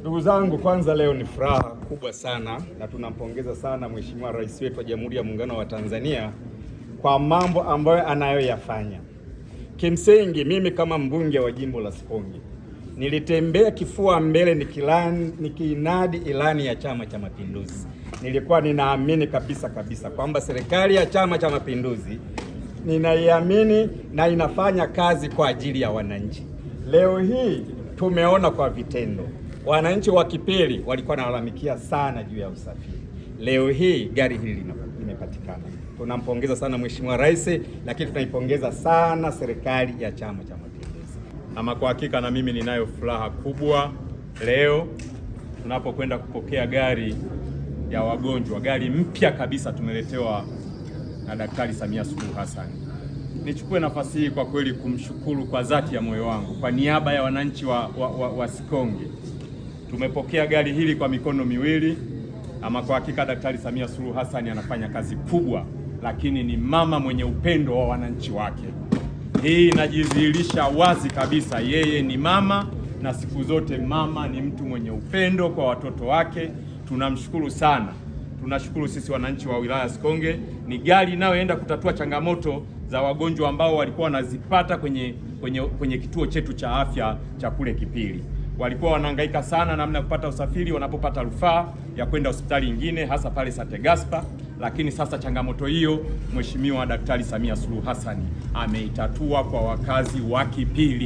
Ndugu zangu, kwanza leo ni furaha kubwa sana na tunampongeza sana Mheshimiwa Rais wetu wa Jamhuri ya Muungano wa Tanzania kwa mambo ambayo anayoyafanya. Kimsingi mimi kama mbunge wa jimbo la Sikonge nilitembea kifua mbele nikiinadi ilani ya Chama cha Mapinduzi. Nilikuwa ninaamini kabisa kabisa kwamba serikali ya Chama cha Mapinduzi ninaiamini na inafanya kazi kwa ajili ya wananchi. Leo hii tumeona kwa vitendo. Wananchi wa Kipili walikuwa nalalamikia sana juu ya usafiri. Leo hii gari hili limepatikana. Tunampongeza sana Mheshimiwa Rais, lakini tunaipongeza sana serikali ya Chama cha Mapinduzi. Ama kwa hakika na mimi ninayo furaha kubwa leo tunapokwenda kupokea gari ya wagonjwa, gari mpya kabisa tumeletewa na Daktari Samia Suluhu Hassan. Nichukue nafasi hii kwa kweli kumshukuru kwa dhati ya moyo wangu kwa niaba ya wananchi wa, wa, wa, wa Sikonge Tumepokea gari hili kwa mikono miwili. Ama kwa hakika Daktari Samia Suluhu Hassan anafanya kazi kubwa, lakini ni mama mwenye upendo wa wananchi wake. Hii inajidhihirisha wazi kabisa, yeye ni mama na siku zote mama ni mtu mwenye upendo kwa watoto wake. Tunamshukuru sana, tunashukuru sisi wananchi wa wilaya Sikonge. Ni gari inayoenda kutatua changamoto za wagonjwa ambao walikuwa wanazipata kwenye, kwenye, kwenye kituo chetu cha afya cha kule Kipili walikuwa wanahangaika sana namna ya kupata usafiri wanapopata rufaa ya kwenda hospitali nyingine, hasa pale Sategaspa. Lakini sasa changamoto hiyo Mheshimiwa Daktari Samia Suluhu Hassan ameitatua kwa wakazi wa Kipili.